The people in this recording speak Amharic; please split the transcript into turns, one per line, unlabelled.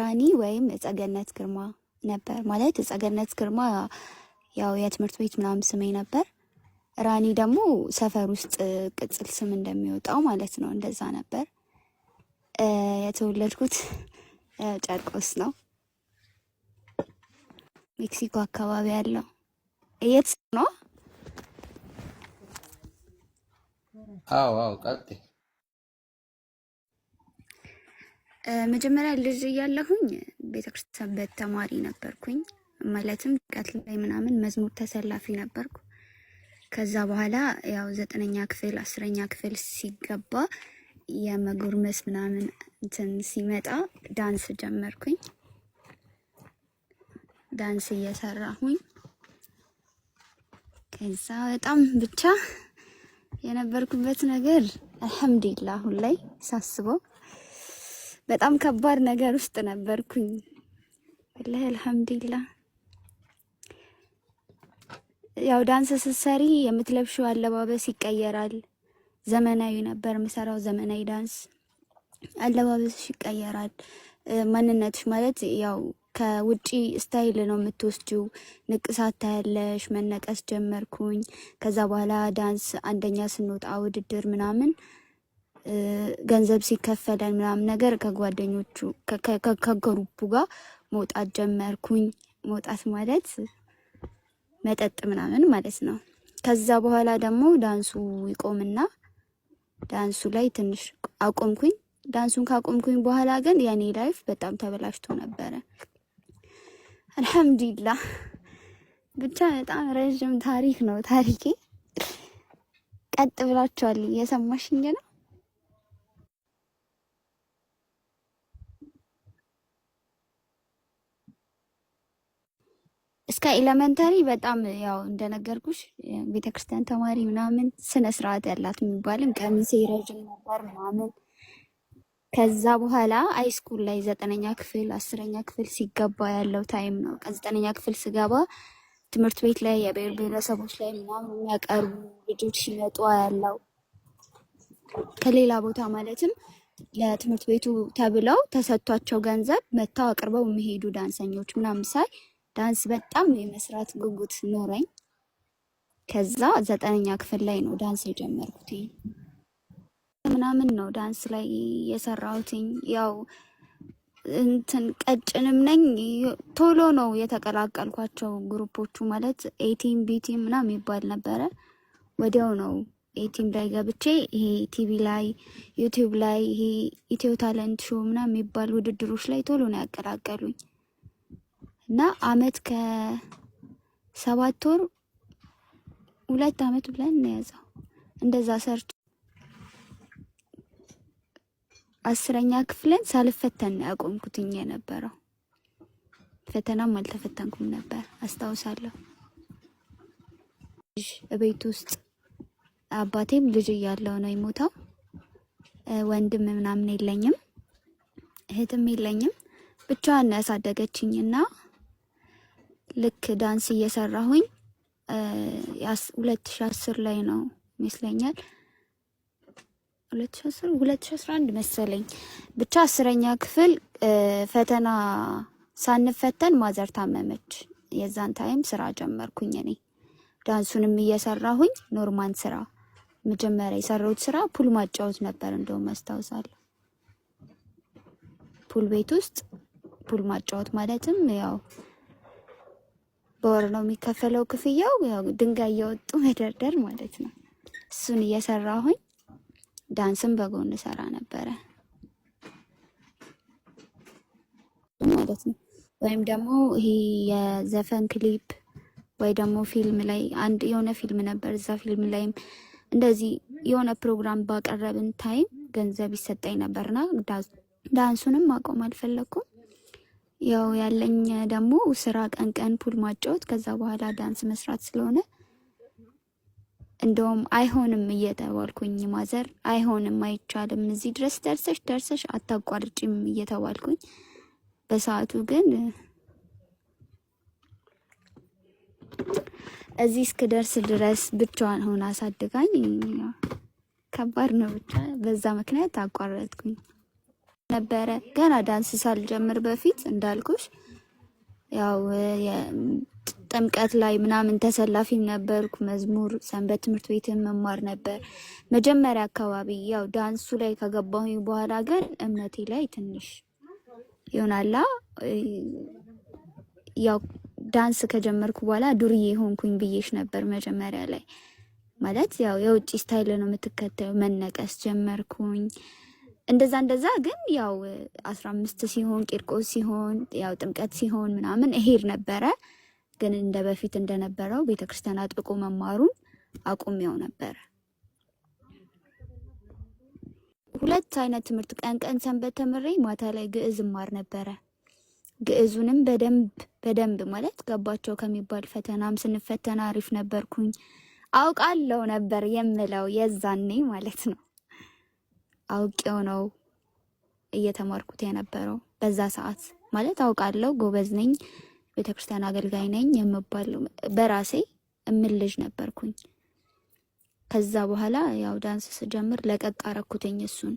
ራኒ ወይም እጸገነት ግርማ ነበር ማለት እጸገነት ግርማ ያው የትምህርት ቤት ምናምን ስሜ ነበር። ራኒ ደግሞ ሰፈር ውስጥ ቅጽል ስም እንደሚወጣው ማለት ነው። እንደዛ ነበር። የተወለድኩት ጨርቆስ ነው፣ ሜክሲኮ አካባቢ ያለው እየት ነው?
አዎ አዎ፣ ቀጥ
መጀመሪያ ልጅ እያለሁኝ ቤተክርስቲያን በት ተማሪ ነበርኩኝ። ማለትም ቀት ላይ ምናምን መዝሙር ተሰላፊ ነበርኩ። ከዛ በኋላ ያው ዘጠነኛ ክፍል አስረኛ ክፍል ሲገባ የመጉርመስ ምናምን እንትን ሲመጣ ዳንስ ጀመርኩኝ። ዳንስ እየሰራሁኝ ከዛ በጣም ብቻ የነበርኩበት ነገር አልሐምዱሊላህ አሁን ላይ ሳስበው በጣም ከባድ ነገር ውስጥ ነበርኩኝ። ወላሂ አልሐምዱሊላህ። ያው ዳንስ ስትሰሪ የምትለብሽው አለባበስ ይቀየራል። ዘመናዊ ነበር የምሰራው ዘመናዊ ዳንስ፣ አለባበስሽ ይቀየራል። ማንነትሽ ማለት ያው ከውጪ ስታይል ነው የምትወስጂው። ንቅሳት ታያለሽ። መነቀስ ጀመርኩኝ። ከዛ በኋላ ዳንስ አንደኛ ስንወጣ ውድድር ምናምን ገንዘብ ሲከፈለን ምናምን ነገር ከጓደኞቹ ከግሩፑ ጋር መውጣት ጀመርኩኝ። መውጣት ማለት መጠጥ ምናምን ማለት ነው። ከዛ በኋላ ደግሞ ዳንሱ ይቆምና ዳንሱ ላይ ትንሽ አቆምኩኝ። ዳንሱን ካቆምኩኝ በኋላ ግን የኔ ላይፍ በጣም ተበላሽቶ ነበረ። አልሐምዱላ ብቻ በጣም ረዥም ታሪክ ነው ታሪኬ። ቀጥ ብላችኋል። እየሰማሽኝ ነው እስከ ኤሌመንተሪ በጣም ያው እንደነገርኩሽ ቤተክርስቲያን ተማሪ ምናምን ስነ ስርዓት ያላት የሚባልም ቀሚሴ ረዥም ነበር ምናምን። ከዛ በኋላ አይስኩል ላይ ዘጠነኛ ክፍል አስረኛ ክፍል ሲገባ ያለው ታይም ነው። ከዘጠነኛ ክፍል ስገባ ትምህርት ቤት ላይ የብሔር ብሔረሰቦች ላይ ምናምን የሚያቀርቡ ልጆች ሲመጡ ያለው ከሌላ ቦታ ማለትም ለትምህርት ቤቱ ተብለው ተሰጥቷቸው ገንዘብ መታው አቅርበው የሚሄዱ ዳንሰኞች ምናምን ሳይ ዳንስ በጣም ነው የመስራት ጉጉት ኖረኝ። ከዛ ዘጠነኛ ክፍል ላይ ነው ዳንስ የጀመርኩት ምናምን ነው ዳንስ ላይ የሰራሁትኝ። ያው እንትን ቀጭንም ነኝ ቶሎ ነው የተቀላቀልኳቸው ግሩፖቹ ማለት ኤቲም ቢቲም ምናምን ይባል ነበረ። ወዲያው ነው ኤቲም ላይ ገብቼ ይሄ ቲቪ ላይ ዩቲዩብ ላይ ይሄ ኢትዮ ታለንት ሾው ምናምን የሚባል ውድድሮች ላይ ቶሎ ነው ያቀላቀሉኝ። እና አመት ከሰባት ወር ሁለት አመት ብለን እንያዘው እንደዛ ሰርቶ አስረኛ ክፍልን ሳልፈተን ያቆምኩትኝ የነበረው ፈተናም አልተፈተንኩም ነበር አስታውሳለሁ። ቤት ውስጥ አባቴም ልጅ እያለው ነው የሞተው። ወንድም ምናምን የለኝም፣ እህትም የለኝም። ብቻዋን ያሳደገችኝ እና ልክ ዳንስ እየሰራሁኝ ሁለት ሺ አስር ላይ ነው ይመስለኛል ሁለት ሺ አስር ሁለት ሺ አስራ አንድ መሰለኝ ብቻ አስረኛ ክፍል ፈተና ሳንፈተን ማዘር ታመመች። የዛን ታይም ስራ ጀመርኩኝ እኔ ዳንሱንም እየሰራሁኝ ኖርማን ስራ መጀመሪያ የሰራሁት ስራ ፑል ማጫወት ነበር። እንደውም አስታውሳለሁ ፑል ቤት ውስጥ ፑል ማጫወት ማለትም ያው በወር ነው የሚከፈለው ክፍያው። ድንጋይ እየወጡ መደርደር ማለት ነው። እሱን እየሰራሁኝ ዳንስም በጎን ሰራ ነበረ ማለት ነው። ወይም ደግሞ ይሄ የዘፈን ክሊፕ ወይ ደግሞ ፊልም ላይ አንድ የሆነ ፊልም ነበር። እዛ ፊልም ላይም እንደዚህ የሆነ ፕሮግራም ባቀረብን ታይም ገንዘብ ይሰጠኝ ነበርና ዳንሱንም ማቆም አልፈለኩም። ያው ያለኝ ደግሞ ስራ ቀን ቀን ፑል ማጫወት ከዛ በኋላ ዳንስ መስራት ስለሆነ እንደውም አይሆንም እየተባልኩኝ ማዘር አይሆንም፣ አይቻልም እዚህ ድረስ ደርሰሽ ደርሰሽ አታቋርጭም እየተባልኩኝ በሰዓቱ ግን እዚህ እስክደርስ ድረስ ብቻዋን ሆና አሳድጋኝ ከባድ ነው። ብቻ በዛ ምክንያት አቋረጥኩኝ። ነበረ ገና ዳንስ ሳልጀምር በፊት እንዳልኩሽ ያው ጥምቀት ላይ ምናምን ተሰላፊም ነበርኩ። መዝሙር ሰንበት ትምህርት ቤትን መማር ነበር መጀመሪያ አካባቢ። ያው ዳንሱ ላይ ከገባሁኝ በኋላ ግን እምነቴ ላይ ትንሽ ይሆናላ። ያው ዳንስ ከጀመርኩ በኋላ ዱርዬ ሆንኩኝ ብዬሽ ነበር መጀመሪያ ላይ ማለት ያው የውጭ ስታይል ነው የምትከተለው። መነቀስ ጀመርኩኝ። እንደዛ እንደዛ ግን ያው አስራ አምስት ሲሆን ቂርቆስ ሲሆን ያው ጥምቀት ሲሆን ምናምን እሄድ ነበረ። ግን እንደ በፊት እንደነበረው ቤተክርስቲያን አጥብቆ መማሩን አቁሜው ነበረ። ሁለት አይነት ትምህርት ቀን ቀን ሰንበት ተምሬ ማታ ላይ ግዕዝ እማር ነበረ። ግዕዙንም በደንብ በደንብ ማለት ገባቸው ከሚባል ፈተናም ስንፈተና አሪፍ ነበርኩኝ። አውቃለው ነበር የምለው የዛኔ ማለት ነው። አውቄው ነው እየተማርኩት የነበረው በዛ ሰዓት ማለት አውቃለሁ፣ ጎበዝ ነኝ፣ ቤተክርስቲያን አገልጋይ ነኝ የምባል በራሴ እምን ልጅ ነበርኩኝ። ከዛ በኋላ ያው ዳንስ ስጀምር ለቀቅ አረኩትኝ እሱን